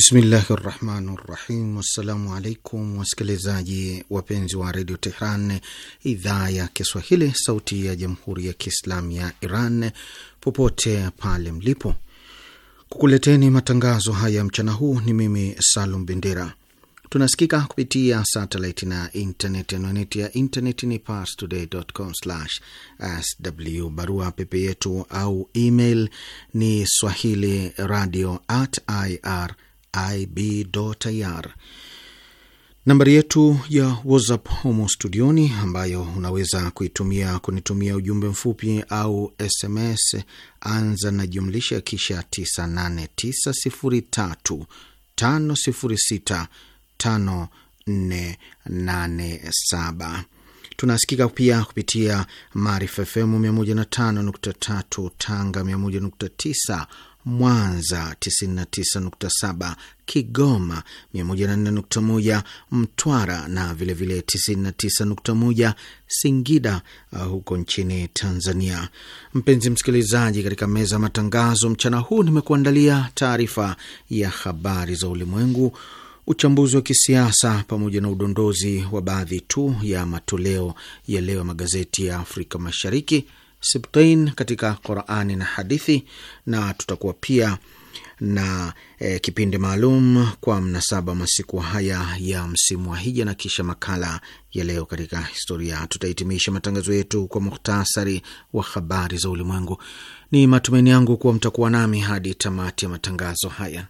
Bismillahi rahmani rahim. Wassalamu alaikum wasikilizaji wapenzi wa redio Tehran, idhaa ya Kiswahili, sauti ya jamhuri ya kiislamu ya Iran, popote pale mlipo. Kukuleteni matangazo haya mchana huu ni mimi Salum Bendera. Tunasikika kupitia satelaiti na internet. Anwani ya internet ni parstoday.com/sw. Barua pepe yetu au email ni swahili radio at ir IB.ir nambari yetu ya WhatsApp humo studioni, ambayo unaweza kuitumia kunitumia ujumbe mfupi au SMS. Anza na jumlisha kisha 989035065487. Tunasikika pia kupitia Maarifa FM 105.3 Tanga, Mwanza 99.7, Kigoma 104.1, Mtwara na vilevile 99.1 Singida uh, huko nchini Tanzania. Mpenzi msikilizaji, katika meza ya matangazo mchana huu nimekuandalia taarifa ya habari za ulimwengu, uchambuzi wa kisiasa, pamoja na udondozi wa baadhi tu ya matoleo ya leo ya magazeti ya Afrika Mashariki Sibtain katika Qurani na hadithi, na tutakuwa pia na e, kipindi maalum kwa mnasaba masiku haya ya msimu wa hija na kisha makala ya leo katika historia. Tutahitimisha matangazo yetu kwa muhtasari wa habari za ulimwengu. Ni matumaini yangu kuwa mtakuwa nami hadi tamati ya matangazo haya.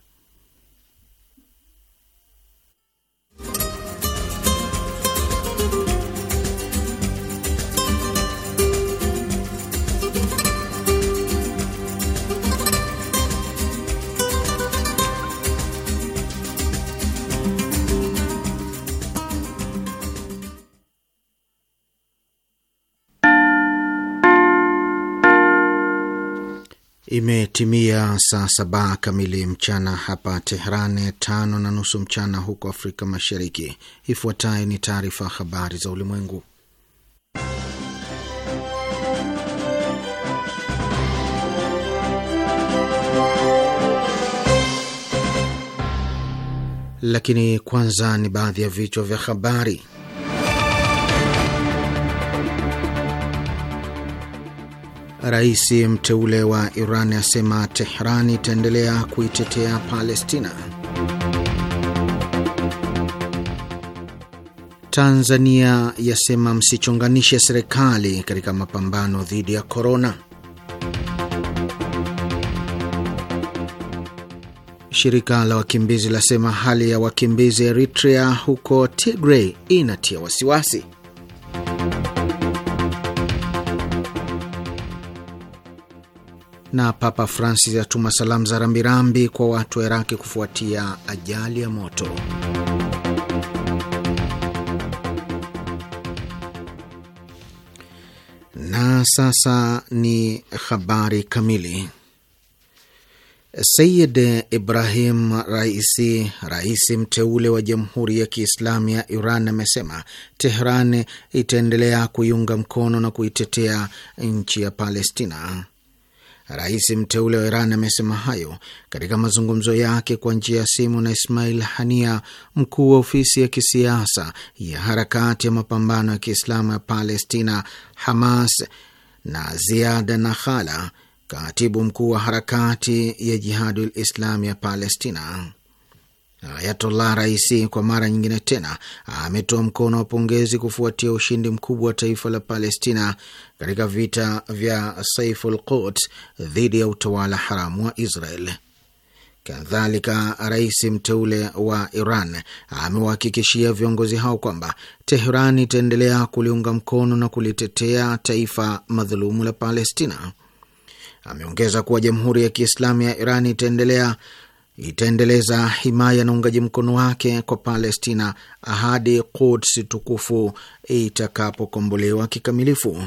Imetimia saa saba kamili mchana hapa Teherane, tano na nusu mchana huko Afrika Mashariki. Ifuatayo ni taarifa habari za ulimwengu, lakini kwanza ni baadhi ya vichwa vya habari. Rais mteule wa Iran asema Tehran itaendelea kuitetea Palestina. Tanzania yasema msichonganishe serikali katika mapambano dhidi ya korona. Shirika la wakimbizi lasema hali ya wakimbizi Eritrea huko Tigray inatia wasiwasi. na Papa Francis atuma salamu za rambirambi kwa watu wa Iraki kufuatia ajali ya moto. Na sasa ni habari kamili. Sayid Ibrahim Raisi, rais mteule wa Jamhuri ya Kiislamu ya Iran, amesema Tehran itaendelea kuiunga mkono na kuitetea nchi ya Palestina. Rais mteule wa Iran amesema hayo katika mazungumzo yake kwa njia ya simu na Ismail Hania, mkuu wa ofisi ya kisiasa ya harakati ya mapambano ya Kiislamu ya Palestina, Hamas, na Ziada Nakhala, katibu mkuu wa harakati ya Jihadul Islami ya Palestina. Ayatollah Raisi kwa mara nyingine tena ametoa mkono wa pongezi kufuatia ushindi mkubwa wa taifa la Palestina katika vita vya Saiful Quds dhidi ya utawala haramu wa Israel. Kadhalika, rais mteule wa Iran amewahakikishia viongozi hao kwamba Tehran itaendelea kuliunga mkono na kulitetea taifa madhulumu la Palestina. Ameongeza kuwa Jamhuri ya Kiislamu ya Iran itaendelea itaendeleza himaya na uungaji mkono wake kwa Palestina hadi Quds tukufu itakapokombolewa kikamilifu.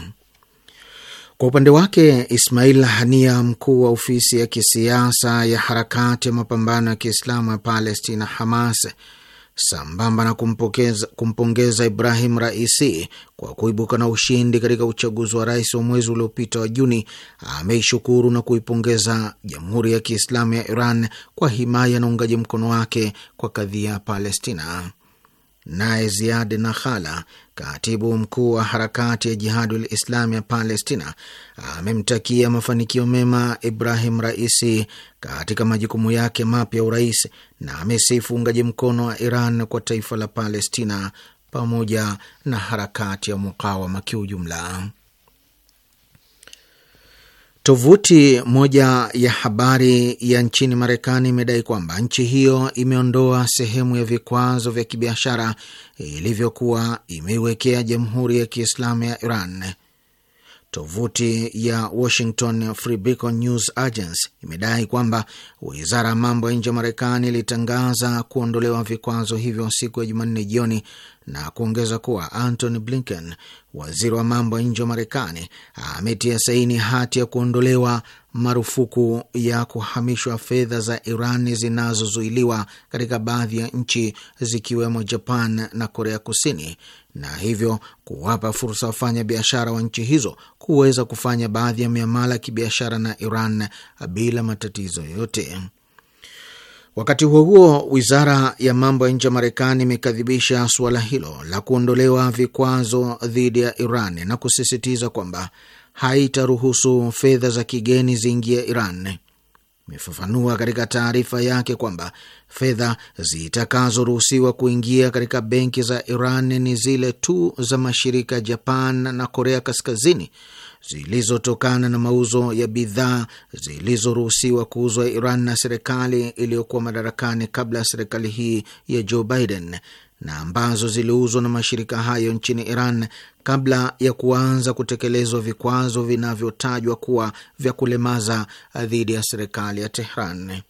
Kwa upande wake, Ismail Hania, mkuu wa ofisi ya kisiasa ya harakati ya mapambano ya Kiislamu ya Palestina, Hamas, sambamba na kumpokeza, kumpongeza Ibrahim Raisi kwa kuibuka na ushindi katika uchaguzi wa rais wa mwezi uliopita wa Juni, ameishukuru na kuipongeza Jamhuri ya Kiislamu ya Iran kwa himaya na uungaji mkono wake kwa kadhia ya Palestina. Naye Ziad Nakhala, katibu mkuu wa harakati ya Jihadul Islami ya Palestina, amemtakia mafanikio mema Ibrahim Raisi katika majukumu yake mapya ya urais na amesifu uungaji mkono wa Iran kwa taifa la Palestina pamoja na harakati ya mukawama kiujumla. Tovuti moja ya habari ya nchini Marekani imedai kwamba nchi hiyo imeondoa sehemu ya vikwazo vya kibiashara ilivyokuwa imeiwekea Jamhuri ya Kiislamu ya Iran. Tovuti ya Washington Free Beacon News Agency imedai kwamba wizara ya mambo ya nje ya Marekani ilitangaza kuondolewa vikwazo hivyo siku ya Jumanne jioni na kuongeza kuwa Antony Blinken, waziri wa mambo ya nje wa Marekani, ametia saini hati ya kuondolewa marufuku ya kuhamishwa fedha za Iran zinazozuiliwa katika baadhi ya nchi zikiwemo Japan na Korea Kusini na hivyo kuwapa fursa wafanya biashara wa nchi hizo kuweza kufanya baadhi ya miamala ya kibiashara na Iran bila matatizo yoyote. Wakati huo huo, wizara ya mambo ya nje ya Marekani imekadhibisha suala hilo la kuondolewa vikwazo dhidi ya Iran na kusisitiza kwamba haitaruhusu fedha za kigeni ziingie Iran imefafanua katika taarifa yake kwamba fedha zitakazoruhusiwa kuingia katika benki za Iran ni zile tu za mashirika Japan na Korea Kaskazini zilizotokana na mauzo ya bidhaa zilizoruhusiwa kuuzwa Iran na serikali iliyokuwa madarakani kabla ya serikali hii ya Joe Biden na ambazo ziliuzwa na mashirika hayo nchini Iran kabla ya kuanza kutekelezwa vikwazo vinavyotajwa kuwa vya kulemaza dhidi ya serikali ya Tehran.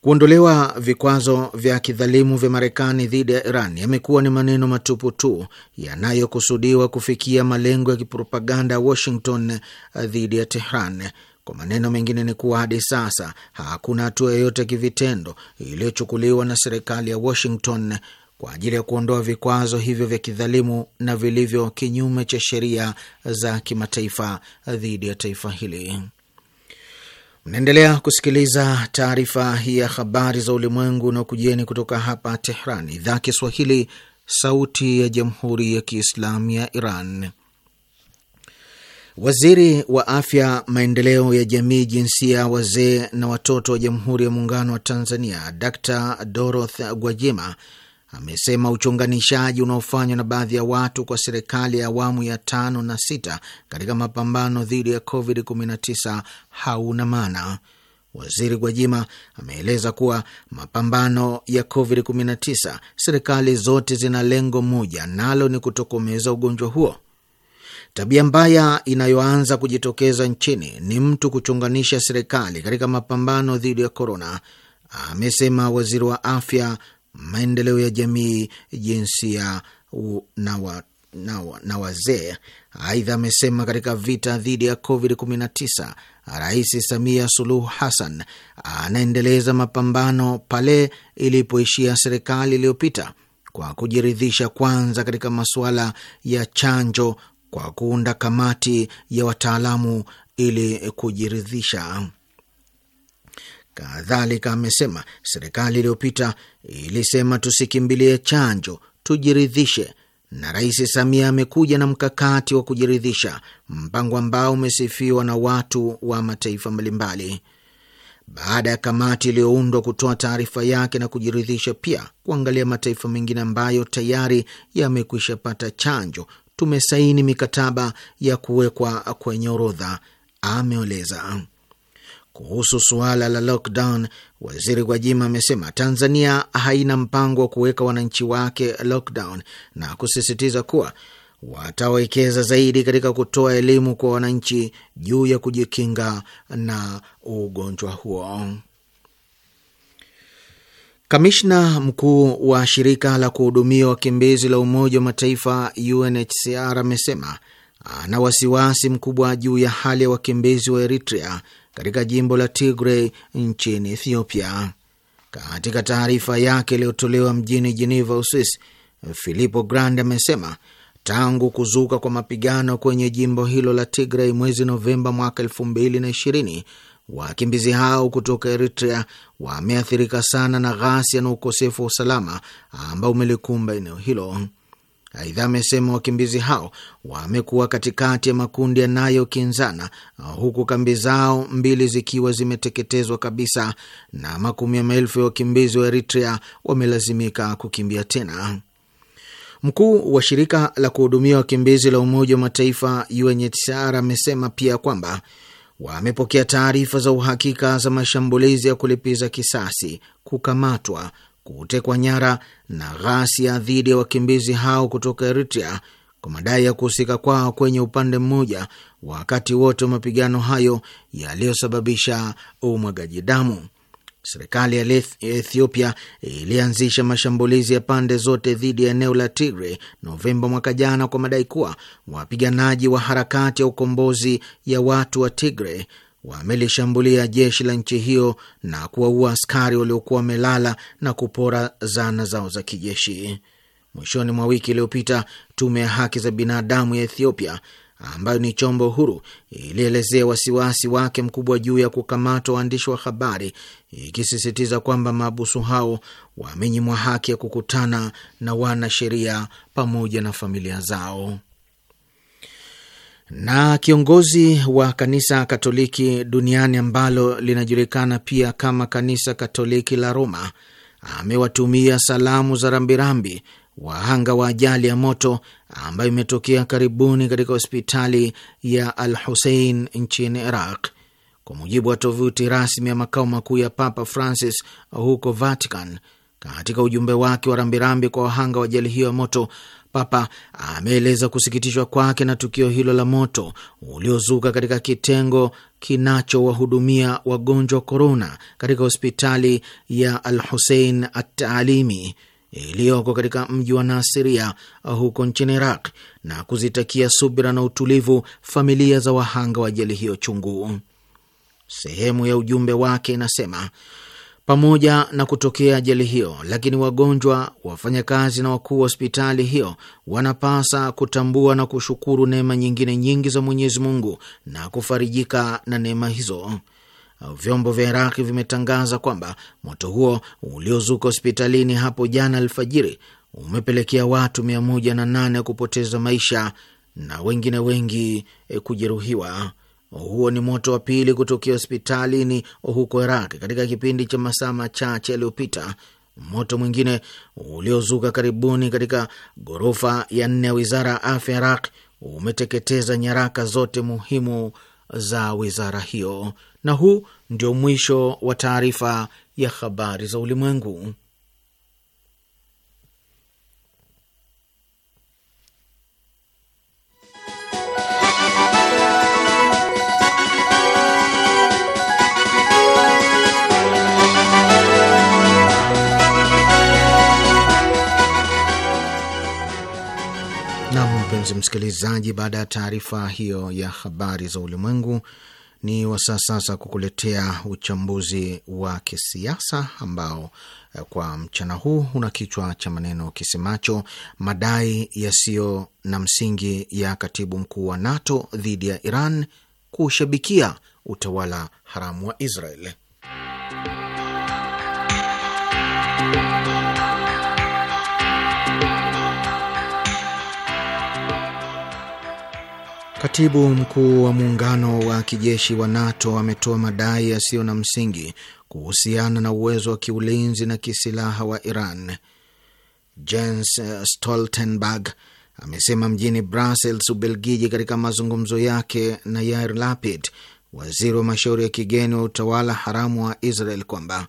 Kuondolewa vikwazo vya kidhalimu vya Marekani dhidi ya Iran yamekuwa ni maneno matupu tu yanayokusudiwa kufikia malengo ya kipropaganda ya Washington dhidi ya Tehran. Kwa maneno mengine ni kuwa hadi sasa hakuna hatua yoyote ya kivitendo iliyochukuliwa na serikali ya Washington kwa ajili ya kuondoa vikwazo hivyo vya kidhalimu na vilivyo kinyume cha sheria za kimataifa dhidi ya taifa hili. Mnaendelea kusikiliza taarifa hii ya habari za ulimwengu na kujieni kutoka hapa Tehran, idhaa Kiswahili, sauti ya jamhuri ya kiislamu ya Iran. Waziri wa afya, maendeleo ya jamii, jinsia, wazee na watoto wa Jamhuri ya Muungano wa Tanzania, Dr Dorothy Gwajima amesema uchunganishaji unaofanywa na baadhi ya watu kwa serikali ya awamu ya tano na sita katika mapambano dhidi ya COVID-19 hauna maana. Waziri Gwajima ameeleza kuwa mapambano ya COVID-19, serikali zote zina lengo moja, nalo ni kutokomeza ugonjwa huo. Tabia mbaya inayoanza kujitokeza nchini ni mtu kuchunganisha serikali katika mapambano dhidi ya korona, amesema waziri wa afya maendeleo ya jamii, jinsia na wa na, na wazee. Aidha, amesema katika vita dhidi ya COVID-19 Rais Samia Suluhu Hassan anaendeleza mapambano pale ilipoishia serikali iliyopita kwa kujiridhisha kwanza katika masuala ya chanjo kwa kuunda kamati ya wataalamu ili kujiridhisha. Kadhalika amesema serikali iliyopita ilisema tusikimbilie chanjo, tujiridhishe na Rais Samia amekuja na mkakati wa kujiridhisha, mpango ambao umesifiwa na watu wa mataifa mbalimbali. Baada ya kamati iliyoundwa kutoa taarifa yake na kujiridhisha, pia kuangalia mataifa mengine ambayo tayari yamekwisha pata chanjo, tumesaini mikataba ya kuwekwa kwenye orodha, ameeleza. Kuhusu suala la lockdown, waziri Gwajima amesema Tanzania haina mpango wa kuweka wananchi wake lockdown na kusisitiza kuwa watawekeza zaidi katika kutoa elimu kwa wananchi juu ya kujikinga na ugonjwa huo. Kamishna mkuu wa shirika la kuhudumia wakimbizi la Umoja wa Mataifa UNHCR amesema ana wasiwasi mkubwa juu ya hali ya wakimbizi wa Eritrea katika jimbo la Tigray nchini Ethiopia. Katika taarifa yake iliyotolewa mjini Geneva, Uswisi, Filippo Grandi amesema tangu kuzuka kwa mapigano kwenye jimbo hilo la Tigray mwezi Novemba mwaka elfu mbili na ishirini, wakimbizi hao kutoka Eritrea wameathirika sana na ghasia na ukosefu wa usalama ambao umelikumba eneo hilo. Aidha, amesema wakimbizi hao wamekuwa katikati ya makundi yanayokinzana huku kambi zao mbili zikiwa zimeteketezwa kabisa na makumi ya maelfu ya wakimbizi wa Eritrea wamelazimika kukimbia tena. Mkuu wa shirika la kuhudumia wakimbizi la Umoja wa Mataifa UNHCR amesema pia kwamba wamepokea taarifa za uhakika za mashambulizi ya kulipiza kisasi, kukamatwa, kutekwa nyara na ghasia dhidi ya wakimbizi hao kutoka Eritrea kwa madai ya kuhusika kwao kwenye upande mmoja wakati wote wa mapigano hayo yaliyosababisha umwagaji damu. Serikali ya Ethiopia ilianzisha mashambulizi ya pande zote dhidi ya eneo la tigre Novemba mwaka jana kwa madai kuwa wapiganaji wa harakati ya ukombozi ya watu wa tigre wamelishambulia jeshi la nchi hiyo na kuwaua askari waliokuwa wamelala na kupora zana zao za kijeshi. Mwishoni mwa wiki iliyopita, tume ya haki za binadamu ya Ethiopia ambayo ni chombo huru ilielezea wasiwasi wake mkubwa juu ya kukamatwa waandishi wa habari, ikisisitiza kwamba maabusu hao wamenyimwa haki ya kukutana na wanasheria pamoja na familia zao na kiongozi wa kanisa Katoliki duniani ambalo linajulikana pia kama kanisa Katoliki la Roma amewatumia salamu za rambirambi wahanga wa ajali ya moto ambayo imetokea karibuni katika hospitali ya Al Husein nchini Iraq. Kwa mujibu wa tovuti rasmi ya makao makuu ya Papa Francis huko Vatican, katika ujumbe wake wa rambirambi kwa wahanga wa ajali hiyo ya moto, Papa ameeleza kusikitishwa kwake na tukio hilo la moto uliozuka katika kitengo kinachowahudumia wagonjwa wa korona katika hospitali ya Al Husein Ataalimi iliyoko katika mji wa Nasiria huko nchini Iraq na kuzitakia subira na utulivu familia za wahanga wa ajali hiyo chungu. Sehemu ya ujumbe wake inasema pamoja na kutokea ajali hiyo, lakini wagonjwa, wafanyakazi na wakuu wa hospitali hiyo wanapasa kutambua na kushukuru neema nyingine nyingi za Mwenyezi Mungu na kufarijika na neema hizo. Vyombo vya Iraki vimetangaza kwamba moto huo uliozuka hospitalini hapo jana alfajiri umepelekea watu 108 kupoteza maisha na wengine wengi eh, kujeruhiwa. Huo ni moto wa pili kutokea hospitalini huko Iraq katika kipindi cha masaa machache yaliyopita. Moto mwingine uliozuka karibuni katika ghorofa ya nne ya wizara ya afya Iraq umeteketeza nyaraka zote muhimu za wizara hiyo. Na huu ndio mwisho wa taarifa ya habari za ulimwengu. mpenzi msikilizaji, baada ya taarifa hiyo ya habari za ulimwengu, ni wasaa sasa kukuletea uchambuzi wa kisiasa ambao eh, kwa mchana huu una kichwa cha maneno kisemacho madai yasiyo na msingi ya katibu mkuu wa NATO dhidi ya Iran kushabikia utawala haramu wa Israel. Katibu mkuu wa muungano wa kijeshi wa NATO ametoa madai yasiyo na msingi kuhusiana na uwezo wa kiulinzi na kisilaha wa Iran. Jens Stoltenberg amesema mjini Brussels, Ubelgiji, katika mazungumzo yake na Yair Lapid, waziri wa mashauri ya kigeni wa utawala haramu wa Israel, kwamba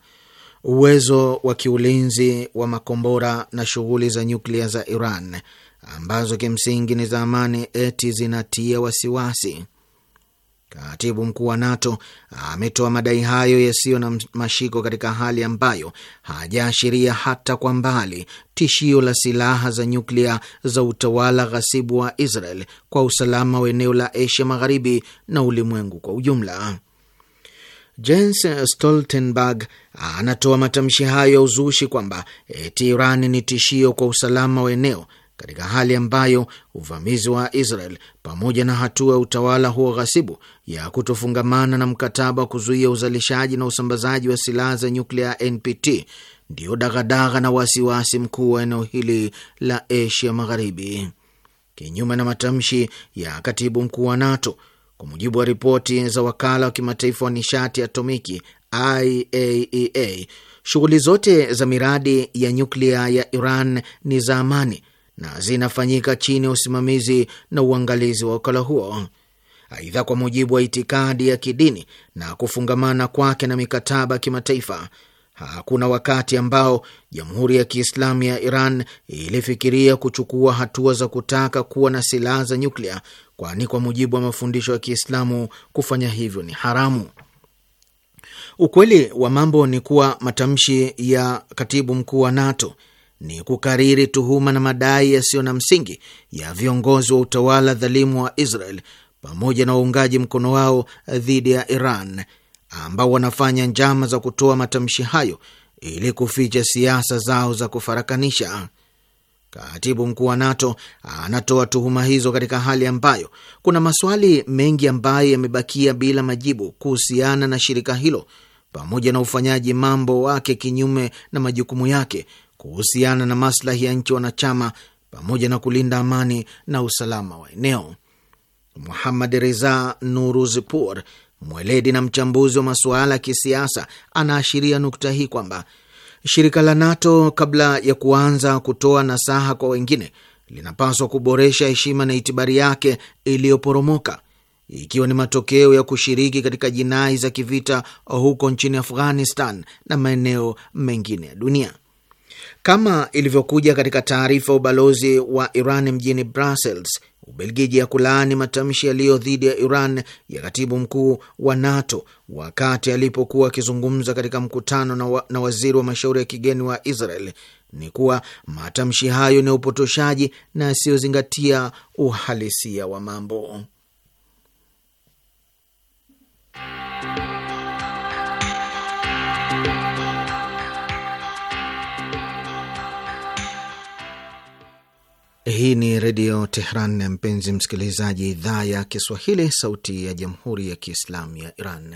uwezo wa kiulinzi wa makombora na shughuli za nyuklia za Iran ambazo kimsingi ni za amani eti zinatia wasiwasi. Katibu mkuu wa NATO ametoa madai hayo yasiyo na mashiko katika hali ambayo hajaashiria hata kwa mbali tishio la silaha za nyuklia za utawala ghasibu wa Israel kwa usalama wa eneo la Asia Magharibi na ulimwengu kwa ujumla. Jens Stoltenberg anatoa matamshi hayo ya uzushi kwamba eti Iran ni tishio kwa usalama wa eneo katika hali ambayo uvamizi wa Israel pamoja na hatua ya utawala huo ghasibu ya kutofungamana na mkataba wa kuzuia uzalishaji na usambazaji wa silaha za nyuklia NPT ndiyo dagadaga na wasiwasi mkuu wa eneo hili la Asia Magharibi. Kinyume na matamshi ya katibu mkuu wa NATO, kwa mujibu wa ripoti za wakala wa kimataifa wa nishati atomiki IAEA, e shughuli zote za miradi ya nyuklia ya Iran ni za amani na zinafanyika chini ya usimamizi na uangalizi wa wakala huo. Aidha, kwa mujibu wa itikadi ya kidini na kufungamana kwake na mikataba ya kimataifa, hakuna wakati ambao Jamhuri ya Kiislamu ya Iran ilifikiria kuchukua hatua za kutaka kuwa na silaha za nyuklia, kwani kwa mujibu wa mafundisho ya Kiislamu kufanya hivyo ni haramu. Ukweli wa mambo ni kuwa matamshi ya katibu mkuu wa NATO ni kukariri tuhuma na madai yasiyo na msingi ya viongozi wa utawala dhalimu wa Israel pamoja na waungaji mkono wao dhidi ya Iran ambao wanafanya njama za kutoa matamshi hayo ili kuficha siasa zao za kufarakanisha. Katibu mkuu wa NATO anatoa tuhuma hizo katika hali ambayo kuna maswali mengi ambayo yamebakia bila majibu kuhusiana na shirika hilo pamoja na ufanyaji mambo wake kinyume na majukumu yake kuhusiana na maslahi ya nchi wanachama pamoja na kulinda amani na usalama wa eneo. Muhammad Reza Nuruzpur, mweledi na mchambuzi wa masuala ya kisiasa, anaashiria nukta hii kwamba shirika la NATO kabla ya kuanza kutoa nasaha kwa wengine linapaswa kuboresha heshima na itibari yake iliyoporomoka ikiwa ni matokeo ya kushiriki katika jinai za kivita huko nchini Afghanistan na maeneo mengine ya dunia. Kama ilivyokuja katika taarifa ya ubalozi wa Iran mjini Brussels, Ubelgiji ya kulaani matamshi yaliyo dhidi ya Iran ya katibu mkuu wa NATO wakati alipokuwa akizungumza katika mkutano na, wa, na waziri wa mashauri ya kigeni wa Israel ni kuwa matamshi hayo ni upotoshaji na yasiyozingatia uhalisia wa mambo. Hii ni Redio Tehran, mpenzi msikilizaji, idhaa ya Kiswahili, sauti ya Jamhuri ya Kiislamu ya Iran.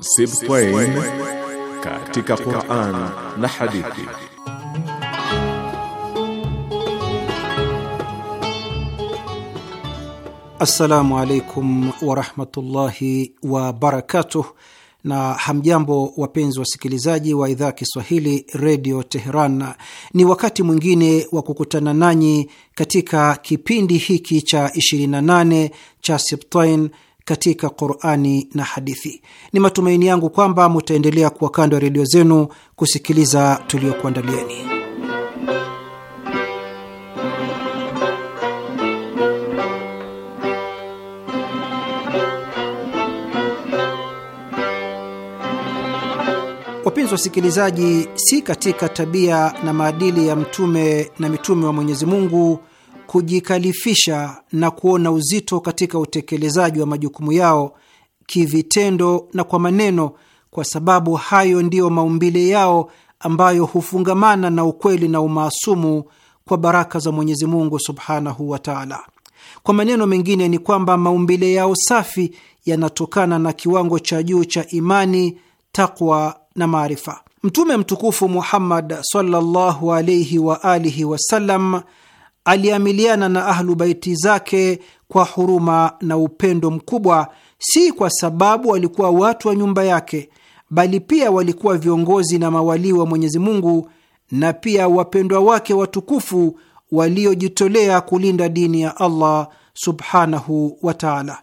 Sibtain katika Quran na hadithi Assalamu alaikum warahmatullahi wabarakatuh, na hamjambo wapenzi wasikilizaji wa idhaa Kiswahili redio Teheran. Ni wakati mwingine wa kukutana nanyi katika kipindi hiki cha 28 cha Septain katika Qurani na hadithi. Ni matumaini yangu kwamba mutaendelea kuwa kando ya redio zenu kusikiliza tuliokuandalieni. Wapenzi wasikilizaji, si katika tabia na maadili ya mtume na mitume wa Mwenyezi Mungu kujikalifisha na kuona uzito katika utekelezaji wa majukumu yao kivitendo na kwa maneno, kwa sababu hayo ndiyo maumbile yao ambayo hufungamana na ukweli na umaasumu kwa baraka za Mwenyezi Mungu subhanahu wa taala. Kwa maneno mengine ni kwamba maumbile yao safi yanatokana na kiwango cha juu cha imani, takwa na maarifa. Mtume mtukufu Muhammad sallallahu wa alihi wasallam aliamiliana na Ahlu Baiti zake kwa huruma na upendo mkubwa, si kwa sababu walikuwa watu wa nyumba yake, bali pia walikuwa viongozi na mawalii wa Mwenyezi Mungu na pia wapendwa wake watukufu waliojitolea kulinda dini ya Allah subhanahu wa taala.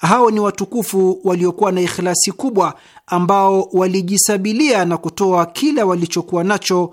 Hao ni watukufu waliokuwa na ikhlasi kubwa, ambao walijisabilia na kutoa kila walichokuwa nacho,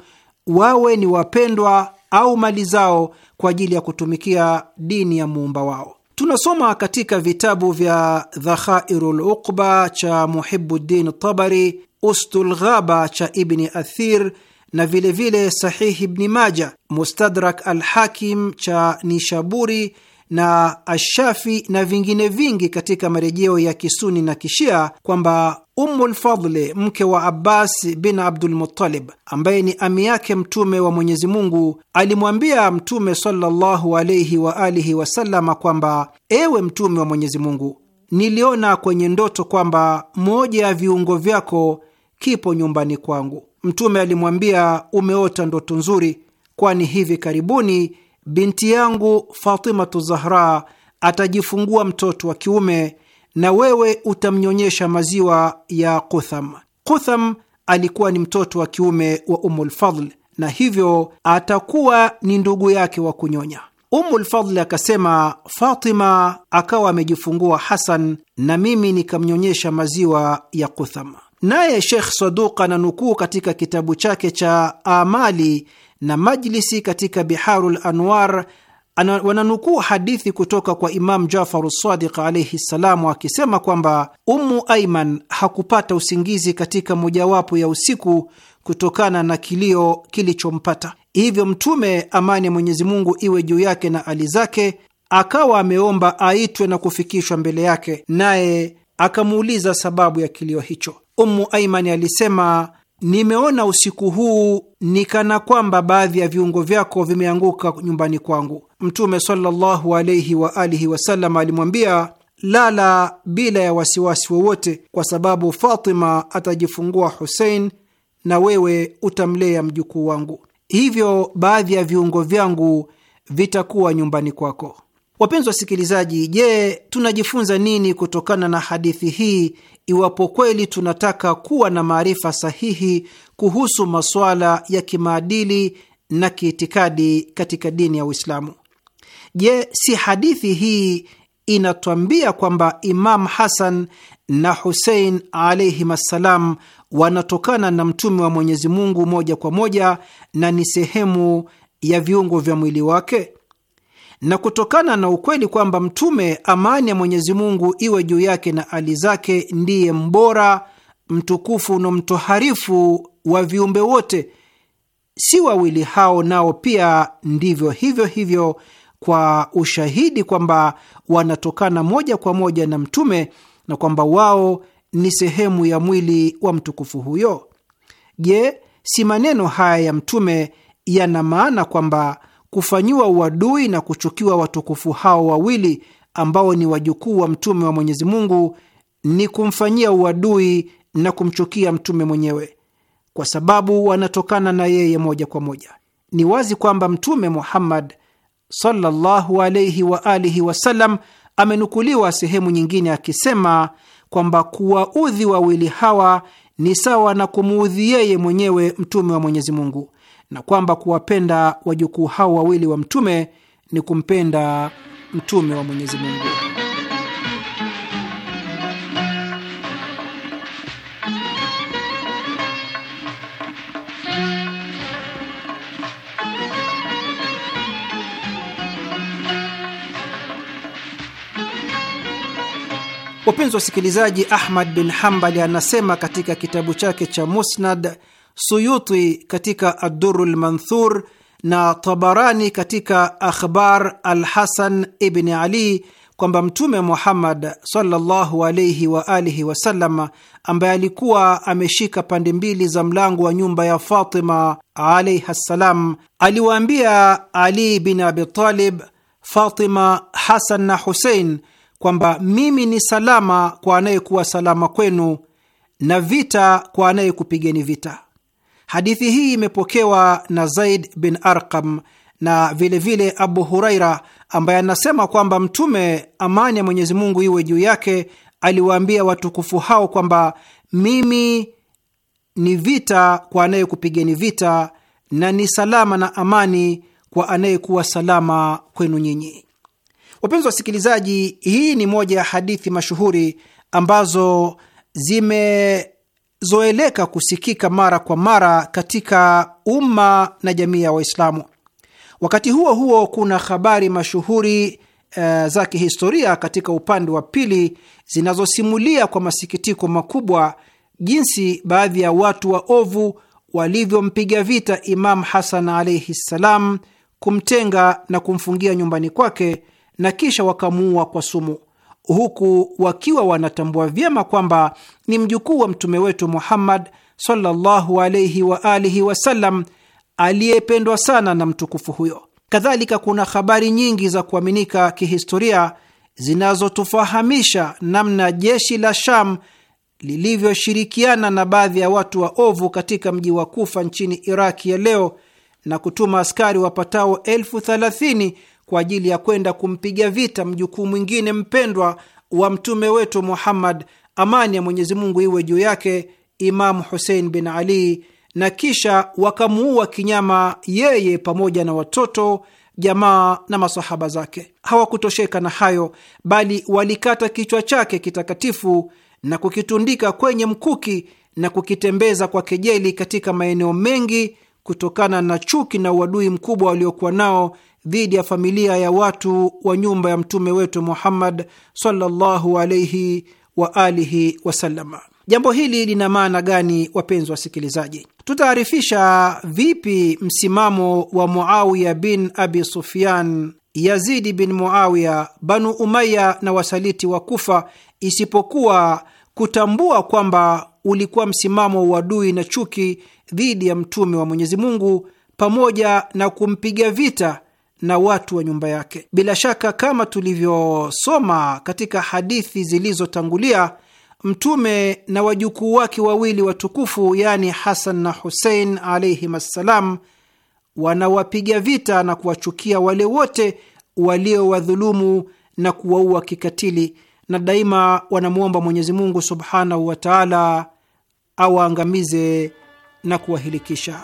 wawe ni wapendwa au mali zao, kwa ajili ya kutumikia dini ya muumba wao. Tunasoma katika vitabu vya dhakhairuluqba cha Muhibuddin Tabari, Ustulghaba cha Ibni Athir na vilevile Sahihi Ibni Maja, Mustadrak Alhakim cha Nishaburi na Ashafi na vingine vingi katika marejeo ya Kisuni na Kishia kwamba Ummulfadli mke wa Abbas bin Abdulmutalib, ambaye ni ami yake Mtume wa Mwenyezi Mungu alimwambia Mtume sallallahu alaihi wa alihi wasallama kwamba, ewe Mtume wa Mwenyezi Mungu, niliona kwenye ndoto kwamba moja ya viungo vyako kipo nyumbani kwangu. Mtume alimwambia, umeota ndoto nzuri, kwani hivi karibuni binti yangu Fatimatu Zahra atajifungua mtoto wa kiume na wewe utamnyonyesha maziwa ya Qutham. Qutham alikuwa ni mtoto wa kiume wa ummulfadl na hivyo atakuwa ni ndugu yake wa kunyonya. Umulfadli akasema, Fatima akawa amejifungua Hasan na mimi nikamnyonyesha maziwa ya Qutham. Naye Sheikh Saduq ananukuu katika kitabu chake cha Amali na Majlisi katika Biharul Anwar wananukuu hadithi kutoka kwa Imamu jafar Sadiq alaihi ssalamu akisema kwamba Ummu Aiman hakupata usingizi katika mojawapo ya usiku kutokana na kilio kilichompata. Hivyo Mtume, amani ya Mwenyezi Mungu iwe juu yake na ali zake, akawa ameomba aitwe na kufikishwa mbele yake, naye akamuuliza sababu ya kilio hicho. Ummu Aiman alisema nimeona usiku huu ni kana kwamba baadhi ya viungo vyako vimeanguka nyumbani kwangu. Mtume sallallahu alaihi wa alihi wasallam alimwambia, lala bila ya wasiwasi wowote, kwa sababu Fatima atajifungua Husein na wewe utamlea mjukuu wangu, hivyo baadhi ya viungo vyangu vitakuwa nyumbani kwako. Wapenzi wasikilizaji, je, tunajifunza nini kutokana na hadithi hii iwapo kweli tunataka kuwa na maarifa sahihi kuhusu masuala ya kimaadili na kiitikadi katika dini ya Uislamu. Je, si hadithi hii inatwambia kwamba Imam Hasan na Husein alaihim assalam wanatokana na mtume wa Mwenyezi Mungu moja kwa moja na ni sehemu ya viungo vya mwili wake? na kutokana na ukweli kwamba Mtume, amani ya Mwenyezi Mungu iwe juu yake na ali zake, ndiye mbora mtukufu na mtoharifu wa viumbe wote, si wawili hao nao pia ndivyo hivyo hivyo, kwa ushahidi kwamba wanatokana moja kwa moja na Mtume na kwamba wao ni sehemu ya mwili wa mtukufu huyo. Je, si maneno haya ya Mtume yana maana kwamba kufanyiwa uadui na kuchukiwa watukufu hao wawili ambao ni wajukuu wa mtume wa Mwenyezi Mungu ni kumfanyia uadui na kumchukia mtume mwenyewe, kwa sababu wanatokana na yeye moja kwa moja. Ni wazi kwamba Mtume Muhammad sallallahu alayhi wa alihi wasallam amenukuliwa sehemu nyingine akisema kwamba kuwaudhi wawili hawa ni sawa na kumuudhi yeye mwenyewe mtume wa Mwenyezi Mungu na kwamba kuwapenda wajukuu hao wawili wa mtume ni kumpenda mtume wa Mwenyezi Mungu. Wapenzi wasikilizaji, Ahmad bin Hambali anasema katika kitabu chake cha Musnad Suyuti katika Adduru Lmanthur na Tabarani katika Akhbar Alhasan Ibni Ali kwamba Mtume Muhammad sallallahu alaihi wa alihi wasallam, ambaye alikuwa ameshika pande mbili za mlango wa nyumba ya Fatima alaihi ssalam, aliwaambia Ali bin Abitalib, Fatima, Hasan na Husein kwamba mimi ni salama kwa anayekuwa salama kwenu na vita kwa anayekupigeni vita. Hadithi hii imepokewa na Zaid bin Arqam na vilevile vile Abu Huraira ambaye anasema kwamba Mtume, amani ya Mwenyezi Mungu iwe juu yake, aliwaambia watukufu hao kwamba mimi ni vita kwa anayekupigeni vita na ni salama na amani kwa anayekuwa salama kwenu nyinyi. Wapenzi wasikilizaji, hii ni moja ya hadithi mashuhuri ambazo zime zoeleka kusikika mara kwa mara katika umma na jamii ya Waislamu. Wakati huo huo, kuna habari mashuhuri uh, za kihistoria katika upande wa pili zinazosimulia kwa masikitiko makubwa jinsi baadhi ya watu wa ovu walivyompiga vita Imam Hasan alaihi ssalam, kumtenga na kumfungia nyumbani kwake na kisha wakamuua kwa sumu huku wakiwa wanatambua vyema kwamba ni mjukuu wa mtume wetu Muhammad sallallahu wa alihi wasallam aliyependwa sana na mtukufu huyo. Kadhalika, kuna habari nyingi za kuaminika kihistoria zinazotufahamisha namna jeshi la Sham lilivyoshirikiana na baadhi ya watu wa ovu katika mji wa Kufa nchini Iraki ya leo na kutuma askari wapatao elfu kwa ajili ya kwenda kumpiga vita mjukuu mwingine mpendwa wa mtume wetu Muhammad, amani ya Mwenyezi Mungu iwe juu yake, Imamu Husein bin Ali, na kisha wakamuua kinyama yeye pamoja na watoto, jamaa na masahaba zake. Hawakutosheka na hayo, bali walikata kichwa chake kitakatifu na kukitundika kwenye mkuki na kukitembeza kwa kejeli katika maeneo mengi kutokana na chuki na uadui mkubwa waliokuwa nao dhidi ya familia ya watu wa nyumba ya mtume wetu Muhammad sallallahu alaihi wa alihi wasallama. Jambo hili lina maana gani, wapenzi wasikilizaji? Tutaarifisha vipi msimamo wa Muawiya bin Abi Sufyan, Yazidi bin Muawiya, Banu Umaya na wasaliti wa Kufa, isipokuwa kutambua kwamba ulikuwa msimamo wa dui na chuki dhidi ya mtume wa Mwenyezi Mungu pamoja na kumpiga vita na watu wa nyumba yake. Bila shaka, kama tulivyosoma katika hadithi zilizotangulia, Mtume na wajukuu wake wawili watukufu, yaani Hasan na Husein alaihim assalam, wanawapiga vita na kuwachukia wale wote waliowadhulumu na kuwaua kikatili, na daima wanamwomba Mwenyezi Mungu subhanahu wa taala awaangamize na kuwahilikisha.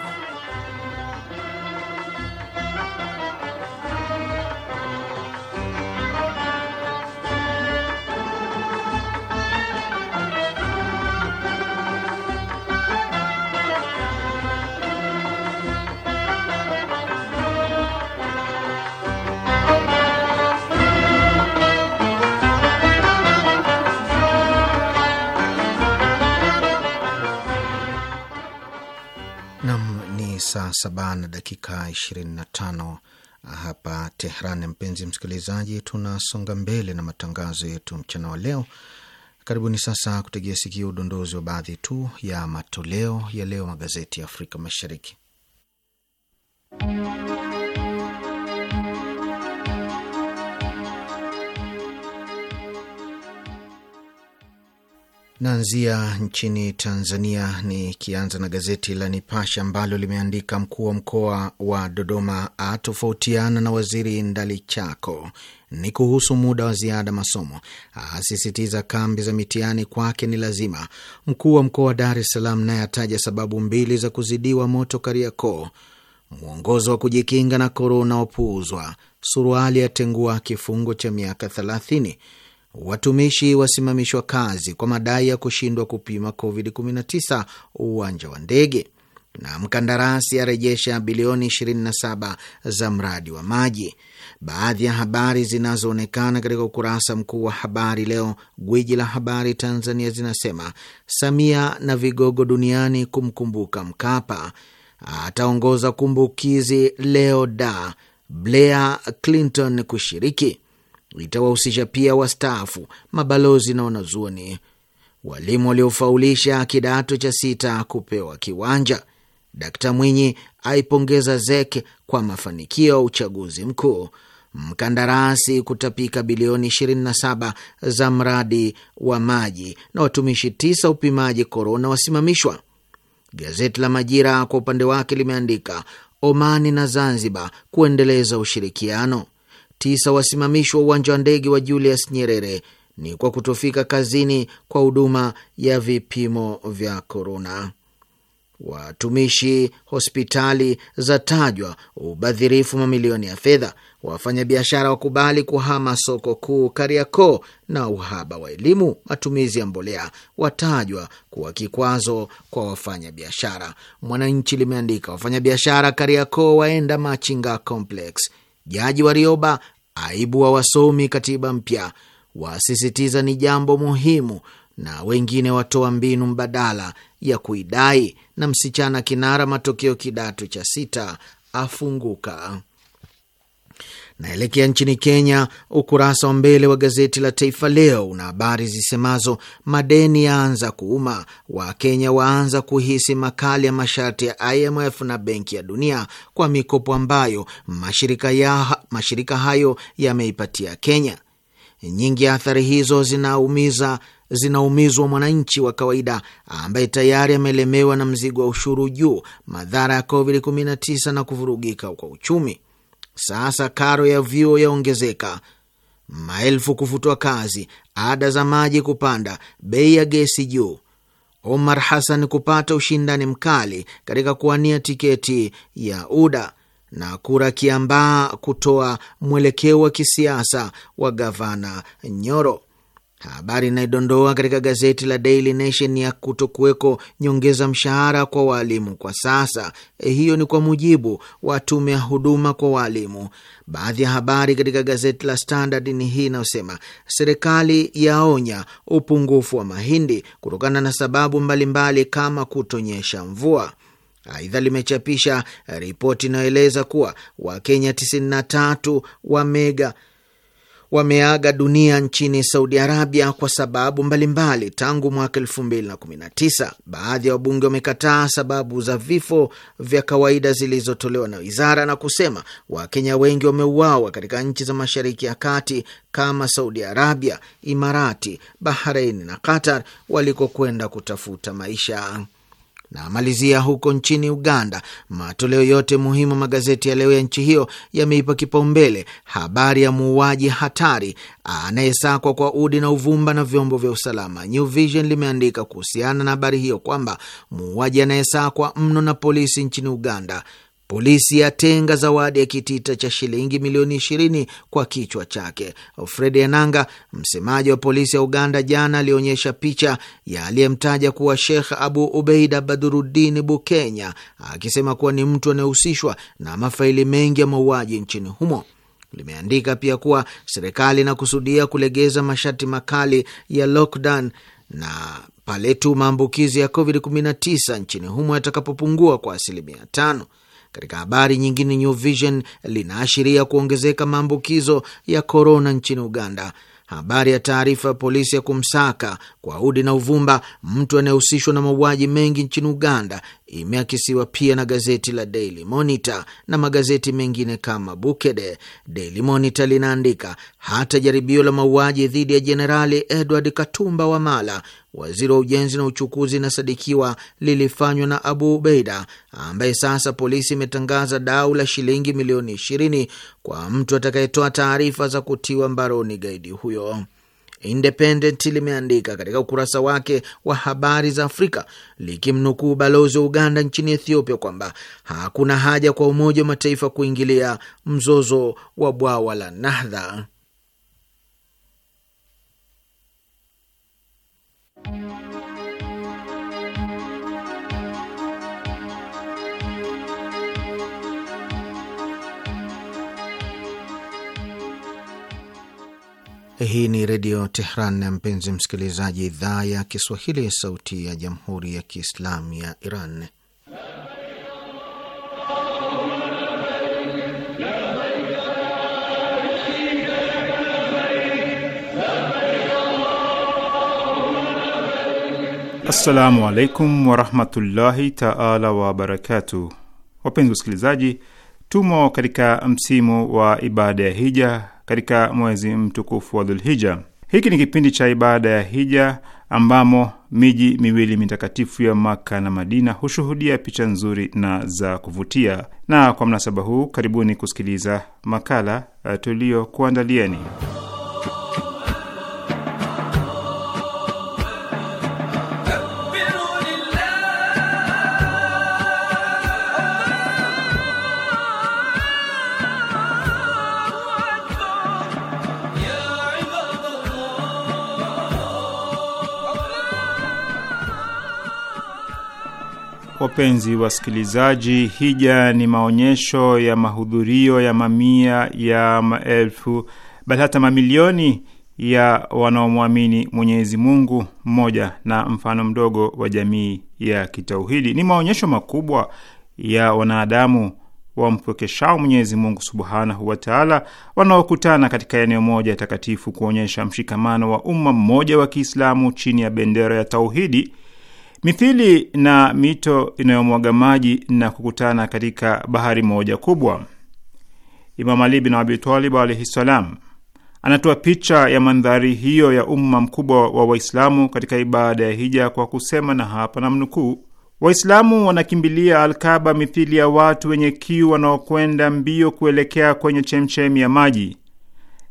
saa na dakika 25 hapa Tehran. Mpenzi msikilizaji, tunasonga mbele na matangazo yetu mchana wa leo. Karibuni sasa kutegea sikio udondozi wa baadhi tu ya matoleo ya leo magazeti ya Afrika Mashariki. Naanzia nchini Tanzania, nikianza na gazeti la Nipashe ambalo limeandika mkuu wa mkoa wa Dodoma atofautiana na waziri Ndalichako ni kuhusu muda wa ziada masomo, asisitiza kambi za mitihani kwake ni lazima. Mkuu wa mkoa wa Dar es Salaam naye ataja sababu mbili za kuzidiwa moto Kariakoo. Mwongozo wa kujikinga na korona wapuuzwa. Suruali atengua kifungo cha miaka thelathini. Watumishi wasimamishwa kazi kwa madai ya kushindwa kupima COVID-19 uwanja wa ndege, na mkandarasi arejesha bilioni 27 za mradi wa maji. Baadhi ya habari zinazoonekana katika ukurasa mkuu wa habari leo, gwiji la habari Tanzania, zinasema Samia na vigogo duniani kumkumbuka Mkapa, ataongoza kumbukizi leo da Blair Clinton kushiriki itawahusisha pia wastaafu, mabalozi na wanazuoni, walimu waliofaulisha kidato cha sita kupewa kiwanja. Dkt Mwinyi aipongeza ZEK kwa mafanikio ya uchaguzi mkuu. Mkandarasi kutapika bilioni 27 za mradi wa maji na watumishi tisa upimaji korona wasimamishwa. Gazeti la Majira kwa upande wake limeandika Omani na Zanzibar kuendeleza ushirikiano tisa wasimamishwa uwanja wa ndege wa Julius Nyerere ni kwa kutofika kazini kwa huduma ya vipimo vya korona. Watumishi hospitali za tajwa ubadhirifu mamilioni ya fedha. Wafanyabiashara wakubali kuhama soko kuu Kariakoo, na uhaba wa elimu, matumizi ya mbolea watajwa kuwa kikwazo kwa wafanyabiashara. Mwananchi limeandika wafanyabiashara Kariakoo waenda Machinga Complex. Jaji Warioba wa wasomi katiba mpya, wasisitiza ni jambo muhimu, na wengine watoa mbinu mbadala ya kuidai, na msichana kinara matokeo kidato cha sita afunguka. Naelekea nchini Kenya. Ukurasa wa mbele wa gazeti la Taifa Leo una habari zisemazo madeni yaanza kuuma, Wakenya waanza kuhisi makali ya masharti ya IMF na Benki ya Dunia kwa mikopo ambayo mashirika, ya, mashirika hayo yameipatia Kenya. Nyingi ya athari hizo zinaumiza zinaumizwa mwananchi wa kawaida ambaye tayari amelemewa na mzigo wa ushuru juu, madhara ya COVID-19 na kuvurugika kwa uchumi. Sasa karo ya vyuo yaongezeka, maelfu kufutwa kazi, ada za maji kupanda, bei ya gesi juu. Omar Hassan kupata ushindani mkali katika kuwania tiketi ya UDA na kura kiambaa kutoa mwelekeo wa kisiasa wa gavana Nyoro. Habari inayodondoa katika gazeti la Daily Nation ya kutokuweko nyongeza mshahara kwa waalimu kwa sasa. E, hiyo ni kwa mujibu wa tume ya huduma kwa waalimu. Baadhi ya habari katika gazeti la Standard ni hii inayosema serikali yaonya upungufu wa mahindi kutokana na sababu mbalimbali mbali kama kutonyesha mvua. Aidha, limechapisha ripoti inayoeleza kuwa Wakenya 93 wa mega wameaga dunia nchini Saudi Arabia kwa sababu mbalimbali mbali tangu mwaka elfu mbili na kumi na tisa. Baadhi ya wabunge wamekataa sababu za vifo vya kawaida zilizotolewa na wizara na kusema Wakenya wengi wameuawa katika nchi za Mashariki ya Kati kama Saudi Arabia, Imarati, Bahrain na Qatar walikokwenda kutafuta maisha na huko nchini Uganda. Matoleo yote muhimu magazeti ya leo ya nchi hiyo yameipa kipaumbele habari ya muuaji hatari anayesakwa kwa udi na uvumba na vyombo vya usalama. New Vision limeandika kuhusiana na habari hiyo kwamba muuaji anayesakwa mno na polisi nchini Uganda Polisi yatenga zawadi ya kitita cha shilingi milioni ishirini kwa kichwa chake. Fred Enanga, msemaji wa polisi ya Uganda, jana alionyesha picha ya aliyemtaja kuwa Shekh Abu Ubeida Badurudin Bukenya, akisema kuwa ni mtu anayehusishwa na mafaili mengi ya mauaji nchini humo. Limeandika pia kuwa serikali inakusudia kulegeza masharti makali ya lockdown na pale tu maambukizi ya COVID-19 nchini humo yatakapopungua kwa asilimia tano. Katika habari nyingine, New Vision linaashiria kuongezeka maambukizo ya korona nchini Uganda. Habari ya taarifa ya polisi ya kumsaka kwa udi na uvumba mtu anayehusishwa na mauaji mengi nchini Uganda imeakisiwa pia na gazeti la Daily Monitor na magazeti mengine kama Bukede. Daily Monitor linaandika hata jaribio la mauaji dhidi ya Jenerali Edward Katumba Wamala waziri wa ujenzi na uchukuzi, inasadikiwa lilifanywa na Abu Ubeida, ambaye sasa polisi imetangaza dau la shilingi milioni 20 kwa mtu atakayetoa taarifa za kutiwa mbaroni gaidi huyo. Independent limeandika katika ukurasa wake wa habari za Afrika likimnukuu balozi wa Uganda nchini Ethiopia kwamba hakuna haja kwa Umoja wa Mataifa kuingilia mzozo wa bwawa la Nahdha. Hii ni Redio Tehran na mpenzi msikilizaji, idhaa ya Kiswahili, sauti ya Jamhuri ya Kiislamu ya Iran. Assalamu alaikum warahmatullahi taala wabarakatu. Wapenzi wasikilizaji, tumo katika msimu wa ibada ya hija katika mwezi mtukufu wa Dhulhija. Hiki ni kipindi cha ibada ya hija ambamo miji miwili mitakatifu ya Maka na Madina hushuhudia picha nzuri na za kuvutia. Na kwa mnasaba huu, karibuni kusikiliza makala eh, tuliyokuandalieni. Wapenzi wasikilizaji, hija ni maonyesho ya mahudhurio ya mamia ya maelfu, bali hata mamilioni ya wanaomwamini Mwenyezi Mungu mmoja na mfano mdogo wa jamii ya kitauhidi. Ni maonyesho makubwa ya wanadamu wampwekeshao Mwenyezi Mungu subhanahu wataala, wanaokutana katika eneo moja takatifu kuonyesha mshikamano wa umma mmoja wa Kiislamu chini ya bendera ya tauhidi mithili na mito inayomwaga maji na kukutana katika bahari moja kubwa. Imam Ali bin Abi Talib alaihi ssalam anatoa picha ya mandhari hiyo ya umma mkubwa wa Waislamu katika ibada ya hija kwa kusema, na hapa na mnukuu Waislamu wanakimbilia Alkaba mithili ya watu wenye kiu wanaokwenda mbio kuelekea kwenye chemchemi ya maji,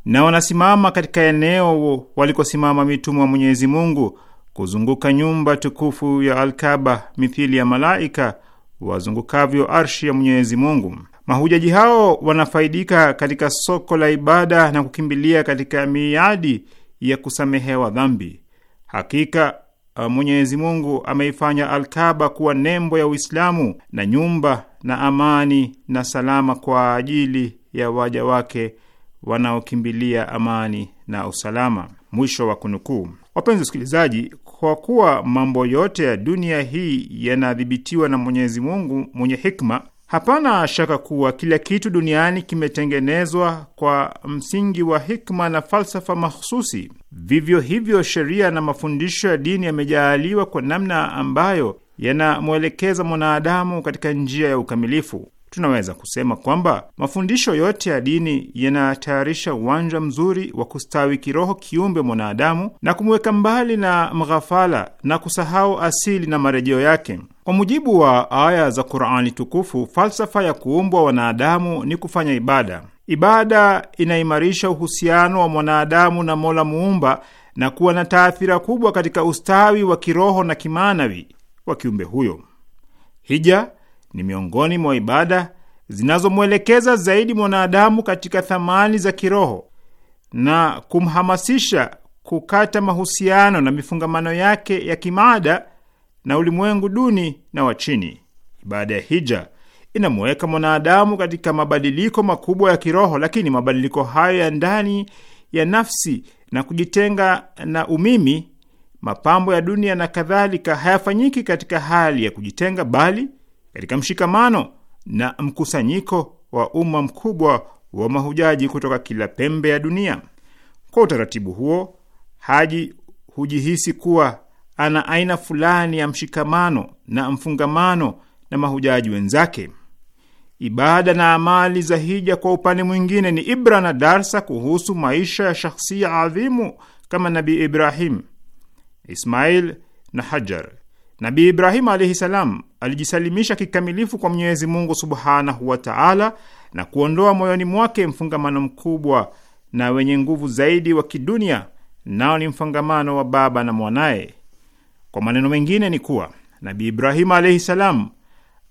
na wanasimama katika eneo walikosimama mitume wa Mwenyezi Mungu kuzunguka nyumba tukufu ya Alkaba mithili ya malaika wazungukavyo arshi ya Mwenyezi Mungu. Mahujaji hao wanafaidika katika soko la ibada na kukimbilia katika miadi ya kusamehewa dhambi. Hakika eh, Mwenyezi Mungu ameifanya Alkaba kuwa nembo ya Uislamu na nyumba na amani na salama kwa ajili ya waja wake wanaokimbilia amani na usalama. Mwisho wa kunukuu. Wapenzi wasikilizaji, kwa kuwa mambo yote ya dunia hii yanadhibitiwa na Mwenyezi Mungu mwenye hikma, hapana shaka kuwa kila kitu duniani kimetengenezwa kwa msingi wa hikma na falsafa mahususi. Vivyo hivyo, sheria na mafundisho ya dini yamejaaliwa kwa namna ambayo yanamwelekeza mwanadamu katika njia ya ukamilifu tunaweza kusema kwamba mafundisho yote ya dini yanatayarisha uwanja mzuri wa kustawi kiroho kiumbe mwanadamu na kumweka mbali na mghafala na kusahau asili na marejeo yake. Kwa mujibu wa aya za Qur'ani tukufu, falsafa ya kuumbwa wanadamu ni kufanya ibada. Ibada inaimarisha uhusiano wa mwanadamu na Mola muumba na kuwa na taathira kubwa katika ustawi wa kiroho na kimaanawi wa kiumbe huyo. Hija ni miongoni mwa ibada zinazomwelekeza zaidi mwanadamu katika thamani za kiroho na kumhamasisha kukata mahusiano na mifungamano yake ya kimaada na ulimwengu duni na wa chini. Ibada ya hija inamuweka mwanadamu katika mabadiliko makubwa ya kiroho, lakini mabadiliko hayo ya ndani ya nafsi na kujitenga na umimi, mapambo ya dunia na kadhalika, hayafanyiki katika hali ya kujitenga, bali katika mshikamano na mkusanyiko wa umma mkubwa wa mahujaji kutoka kila pembe ya dunia. Kwa utaratibu huo, haji hujihisi kuwa ana aina fulani ya mshikamano na mfungamano na mahujaji wenzake. Ibada na amali za hija, kwa upande mwingine, ni ibra na darsa kuhusu maisha ya shakhsia adhimu kama Nabi Ibrahim, Ismail na Hajar. Nabii Ibrahimu alaihi salam alijisalimisha kikamilifu kwa Mwenyezi Mungu subhanahu wa taala na kuondoa moyoni mwake mfungamano mkubwa na wenye nguvu zaidi wa kidunia, nao ni mfungamano wa baba na mwanaye. Kwa maneno mengine ni kuwa Nabii Ibrahimu alaihi salam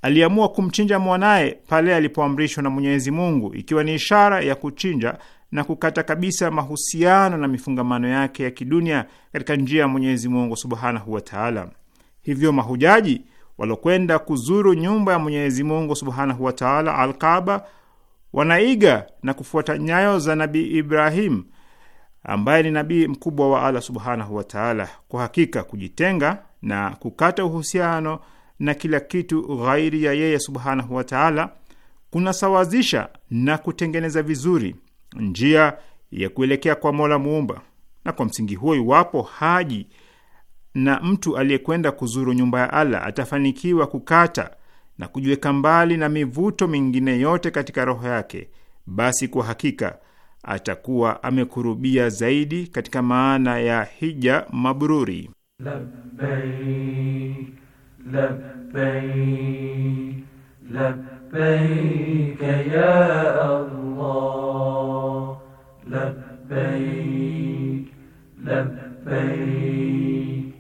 aliamua kumchinja mwanaye pale alipoamrishwa na Mwenyezi Mungu, ikiwa ni ishara ya kuchinja na kukata kabisa mahusiano na mifungamano yake ya kidunia katika njia ya Mwenyezi Mungu subhanahu wa taala. Hivyo mahujaji waliokwenda kuzuru nyumba ya Mwenyezi Mungu subhanahu wa taala, Alkaba, wanaiga na kufuata nyayo za Nabii Ibrahim ambaye ni nabii mkubwa wa Allah subhanahu wa taala. Kwa hakika kujitenga na kukata uhusiano na kila kitu ghairi ya yeye subhanahu wa taala kunasawazisha na kutengeneza vizuri njia ya kuelekea kwa Mola Muumba. Na kwa msingi huo, iwapo haji na mtu aliyekwenda kuzuru nyumba ya Allah atafanikiwa kukata na kujiweka mbali na mivuto mingine yote katika roho yake, basi kwa hakika atakuwa amekurubia zaidi katika maana ya hija mabruri. Labbaik, labbaik, ya Allah, labbaik, labbaik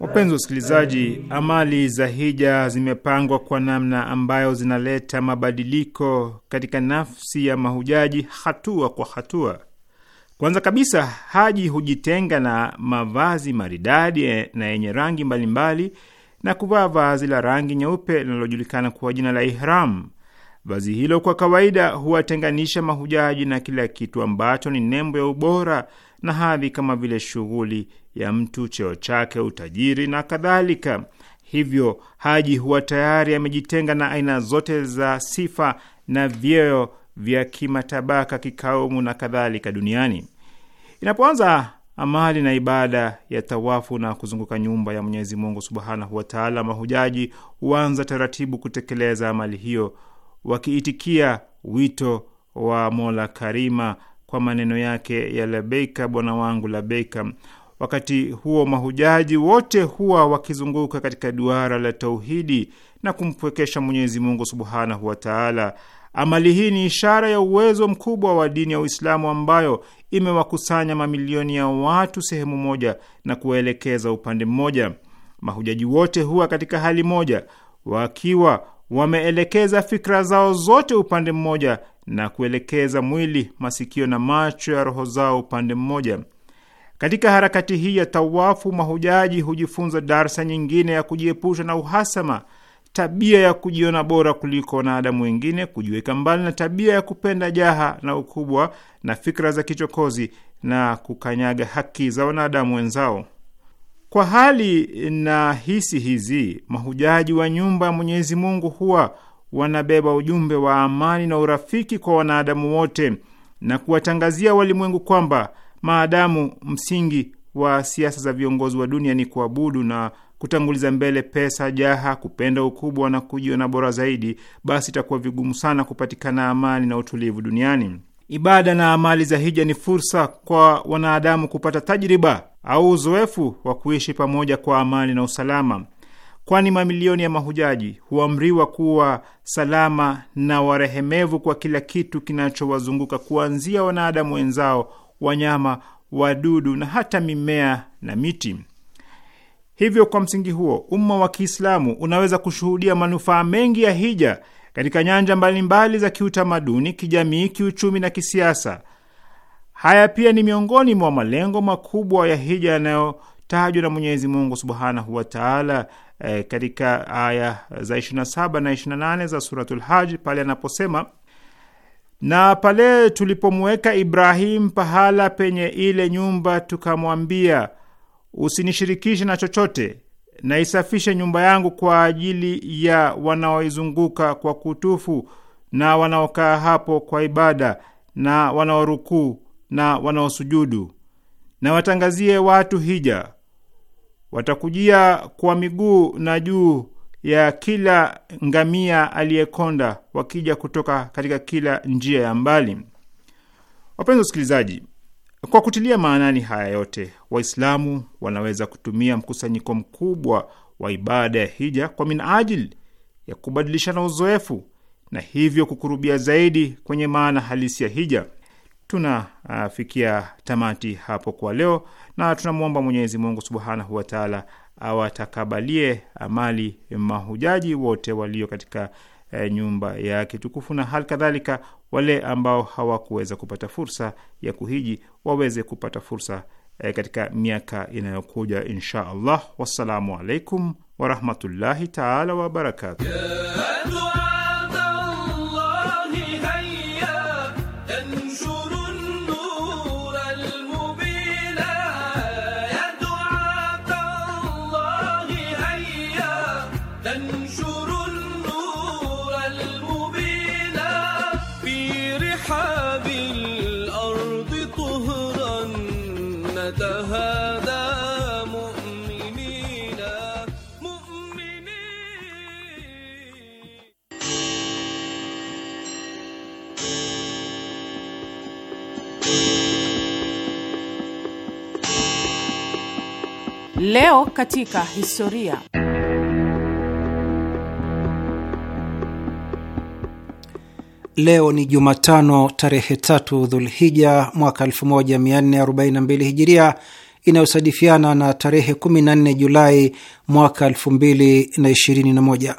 Wapenzi wasikilizaji, amali za hija zimepangwa kwa namna ambayo zinaleta mabadiliko katika nafsi ya mahujaji hatua kwa hatua. Kwanza kabisa, haji hujitenga na mavazi maridadi na yenye rangi mbalimbali na kuvaa vazi la rangi nyeupe linalojulikana kwa jina la ihramu. Vazi hilo kwa kawaida huwatenganisha mahujaji na kila kitu ambacho ni nembo ya ubora na hadhi, kama vile shughuli ya mtu, cheo chake, utajiri na kadhalika. Hivyo haji huwa tayari amejitenga na aina zote za sifa na vyeo vya kimatabaka, kikaumu na kadhalika duniani. Inapoanza amali na ibada ya tawafu na kuzunguka nyumba ya Mwenyezi Mungu subhanahu wataala, mahujaji huanza taratibu kutekeleza amali hiyo wakiitikia wito wa Mola Karima kwa maneno yake ya labeika bwana wangu labeika. Wakati huo mahujaji wote huwa wakizunguka katika duara la tauhidi na kumpwekesha Mwenyezi Mungu subhanahu wa taala. Amali hii ni ishara ya uwezo mkubwa wa dini ya Uislamu ambayo imewakusanya mamilioni ya watu sehemu moja na kuwaelekeza upande mmoja. Mahujaji wote huwa katika hali moja, wakiwa wameelekeza fikra zao zote upande mmoja na kuelekeza mwili, masikio na macho ya roho zao upande mmoja. Katika harakati hii ya tawafu, mahujaji hujifunza darsa nyingine ya kujiepusha na uhasama, tabia ya kujiona bora kuliko wanadamu wengine, kujiweka mbali na tabia ya kupenda jaha na ukubwa na fikra za kichokozi na kukanyaga haki za wanadamu wenzao. Kwa hali na hisi hizi, mahujaji wa nyumba ya Mwenyezi Mungu huwa wanabeba ujumbe wa amani na urafiki kwa wanadamu wote na kuwatangazia walimwengu kwamba maadamu msingi wa siasa za viongozi wa dunia ni kuabudu na kutanguliza mbele pesa, jaha, kupenda ukubwa na kujiona bora zaidi, basi itakuwa vigumu sana kupatikana amani na utulivu duniani ibada na amali za hija ni fursa kwa wanadamu kupata tajriba au uzoefu wa kuishi pamoja kwa amani na usalama, kwani mamilioni ya mahujaji huamriwa kuwa salama na warehemevu kwa kila kitu kinachowazunguka kuanzia wanadamu wenzao, wanyama, wadudu na hata mimea na miti. Hivyo, kwa msingi huo, umma wa Kiislamu unaweza kushuhudia manufaa mengi ya hija katika nyanja mbalimbali za kiutamaduni, kijamii, kiuchumi na kisiasa. Haya pia ni miongoni mwa malengo makubwa ya hija yanayotajwa na Mwenyezi Mungu subhanahu wataala eh, katika aya za 27 na 28 za Suratul Haj pale anaposema na pale tulipomweka Ibrahim pahala penye ile nyumba, tukamwambia usinishirikishe na chochote, naisafishe nyumba yangu kwa ajili ya wanaoizunguka kwa kutufu na wanaokaa hapo kwa ibada na wanaorukuu na wanaosujudu, na watangazie watu hija. Watakujia kwa miguu na juu ya kila ngamia aliyekonda, wakija kutoka katika kila njia ya mbali. Wapenzi wasikilizaji, kwa kutilia maanani haya yote, Waislamu wanaweza kutumia mkusanyiko mkubwa wa ibada ya hija kwa minajili ya kubadilishana uzoefu na hivyo kukurubia zaidi kwenye maana halisi ya hija. Tunafikia tamati hapo kwa leo, na tunamwomba Mwenyezi Mungu subhanahu wataala awatakabalie amali mahujaji wote walio katika eh, nyumba yake tukufu, na hali kadhalika wale ambao hawakuweza kupata fursa ya kuhiji waweze kupata fursa eh, katika miaka inayokuja insha Allah. Wassalamu alaikum warahmatullahi taala wabarakatuh. Leo katika historia Leo ni Jumatano, tarehe tatu Dhulhija mwaka 1442 Hijiria, inayosadifiana na tarehe 14 Julai mwaka 2021.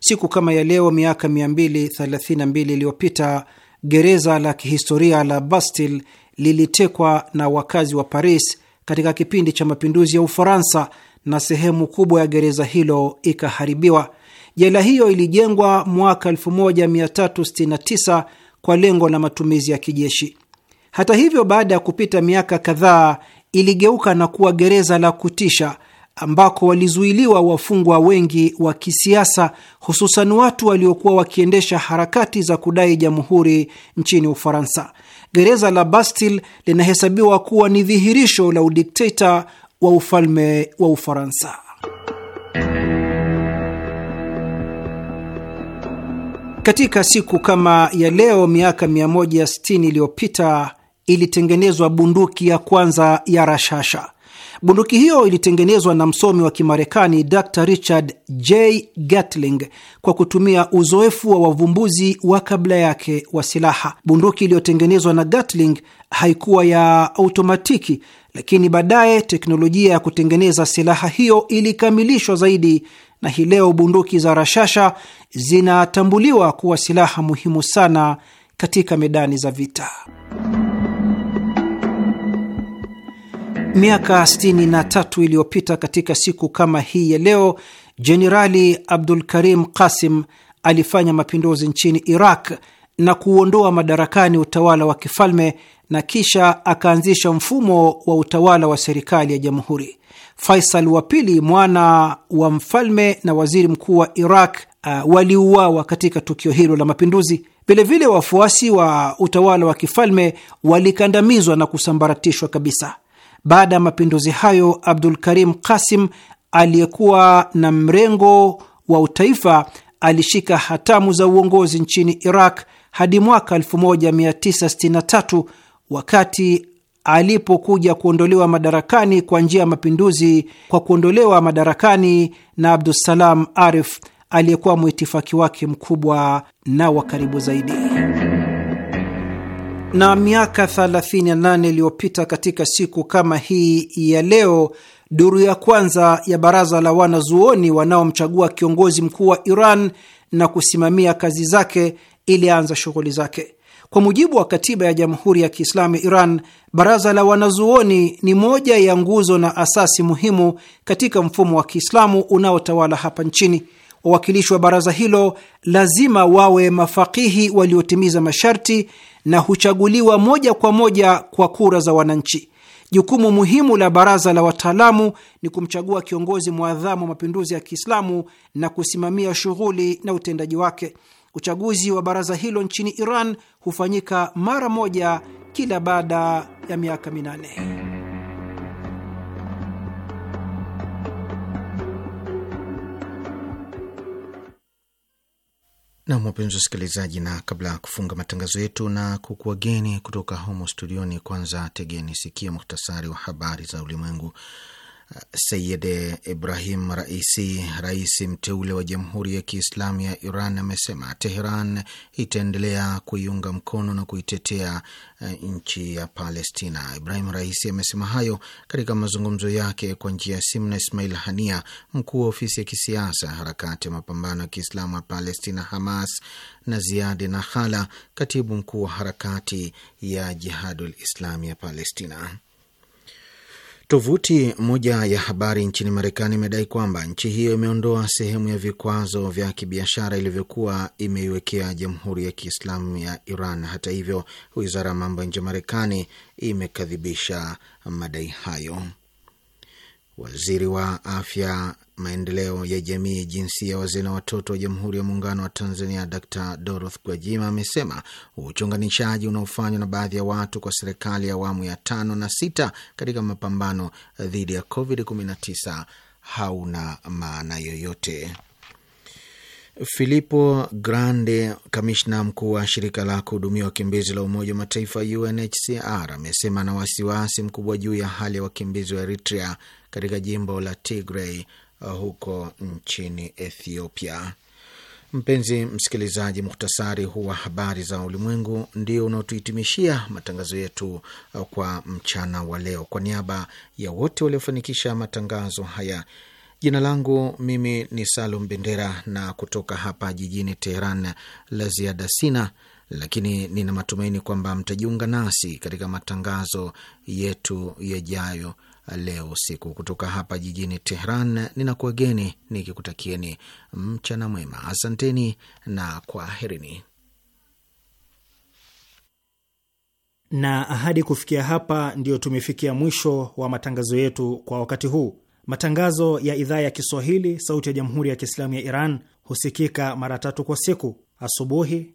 Siku kama ya leo miaka 232 iliyopita gereza la kihistoria la bastil lilitekwa na wakazi wa Paris katika kipindi cha mapinduzi ya Ufaransa na sehemu kubwa ya gereza hilo ikaharibiwa. Jela hiyo ilijengwa mwaka 1369 kwa lengo la matumizi ya kijeshi. Hata hivyo, baada ya kupita miaka kadhaa, iligeuka na kuwa gereza la kutisha ambako walizuiliwa wafungwa wengi wa kisiasa, hususan watu waliokuwa wakiendesha harakati za kudai jamhuri nchini Ufaransa. Gereza la Bastille linahesabiwa kuwa ni dhihirisho la udikteta wa ufalme wa Ufaransa. Katika siku kama ya leo miaka 160 iliyopita ilitengenezwa bunduki ya kwanza ya rashasha. Bunduki hiyo ilitengenezwa na msomi wa Kimarekani Dr Richard J Gatling kwa kutumia uzoefu wa wavumbuzi wa kabla yake wa silaha. Bunduki iliyotengenezwa na Gatling haikuwa ya automatiki, lakini baadaye teknolojia ya kutengeneza silaha hiyo ilikamilishwa zaidi na hii leo bunduki za rashasha zinatambuliwa kuwa silaha muhimu sana katika medani za vita. Miaka 63 iliyopita katika siku kama hii ya leo, Jenerali Abdul Karim Qasim alifanya mapinduzi nchini Iraq na kuuondoa madarakani utawala wa kifalme na kisha akaanzisha mfumo wa utawala wa serikali ya jamhuri. Faisal wa pili mwana wa mfalme na waziri mkuu wa Iraq uh, waliuawa katika tukio hilo la mapinduzi. Vilevile wafuasi wa utawala wa kifalme walikandamizwa na kusambaratishwa kabisa. Baada ya mapinduzi hayo, Abdul Karim Qasim aliyekuwa na mrengo wa utaifa alishika hatamu za uongozi nchini Iraq hadi mwaka 1963 wakati alipokuja kuondolewa madarakani kwa njia ya mapinduzi kwa kuondolewa madarakani na Abdusalam Arif aliyekuwa mwitifaki wake mkubwa na wa karibu zaidi. Na miaka 38 iliyopita katika siku kama hii ya leo, duru ya kwanza ya baraza la wanazuoni wanaomchagua kiongozi mkuu wa Iran na kusimamia kazi zake ilianza shughuli zake. Kwa mujibu wa katiba ya Jamhuri ya Kiislamu ya Iran, baraza la wanazuoni ni moja ya nguzo na asasi muhimu katika mfumo wa Kiislamu unaotawala hapa nchini. Wawakilishi wa baraza hilo lazima wawe mafakihi waliotimiza masharti na huchaguliwa moja kwa moja kwa kura za wananchi. Jukumu muhimu la baraza la wataalamu ni kumchagua kiongozi mwadhamu wa mapinduzi ya Kiislamu na kusimamia shughuli na utendaji wake. Uchaguzi wa baraza hilo nchini Iran hufanyika mara moja kila baada ya miaka minane. Nam, wapenzi wasikilizaji, na kabla ya kufunga matangazo yetu na kukuwageni kutoka humo studioni, kwanza tegeni sikia muhtasari wa habari za ulimwengu. Sayid Ibrahim Raisi, rais mteule wa Jamhuri ya Kiislamu ya Iran, amesema Teheran itaendelea kuiunga mkono na kuitetea eh, nchi ya Palestina. Ibrahim Raisi amesema hayo katika mazungumzo yake kwa njia ya simu na Ismail Hania, mkuu wa ofisi ya kisiasa harakati ya mapambano ya Kiislamu ya Palestina, Hamas, na Ziadi Nahala, katibu mkuu wa harakati ya Jihadul Islami ya Palestina. Tovuti moja ya habari nchini Marekani imedai kwamba nchi hiyo imeondoa sehemu ya vikwazo vya kibiashara ilivyokuwa imeiwekea Jamhuri ya Kiislamu ya Iran. Hata hivyo, wizara ya mambo ya nje Marekani imekadhibisha madai hayo. Waziri wa afya maendeleo ya jamii, jinsia, wazee na watoto wa Jamhuri ya Muungano wa Tanzania, Dr Dorothy Gwajima amesema uchunganishaji unaofanywa na baadhi ya watu kwa serikali ya awamu ya tano na sita katika mapambano dhidi ya COVID-19 hauna maana yoyote. Filippo Grandi, kamishna mkuu wa shirika la kuhudumia wakimbizi la Umoja wa Mataifa UNHCR, amesema na wasiwasi mkubwa juu ya hali ya wakimbizi wa Eritrea katika jimbo la Tigray Uh, huko nchini Ethiopia. Mpenzi msikilizaji, muhtasari huu wa habari za ulimwengu ndio unaotuhitimishia matangazo yetu uh, kwa mchana wa leo. Kwa niaba ya wote waliofanikisha matangazo haya, jina langu mimi ni Salum Bendera, na kutoka hapa jijini Teheran la ziada sina lakini nina matumaini kwamba mtajiunga nasi katika matangazo yetu yajayo leo usiku kutoka hapa jijini Tehran. ninakuageni nikikutakieni mchana mwema. Asanteni na kwaherini. Na ahadi kufikia hapa, ndiyo tumefikia mwisho wa matangazo yetu kwa wakati huu. Matangazo ya idhaa ya Kiswahili sauti ya jamhuri ya Kiislamu ya Iran husikika mara tatu kwa siku: asubuhi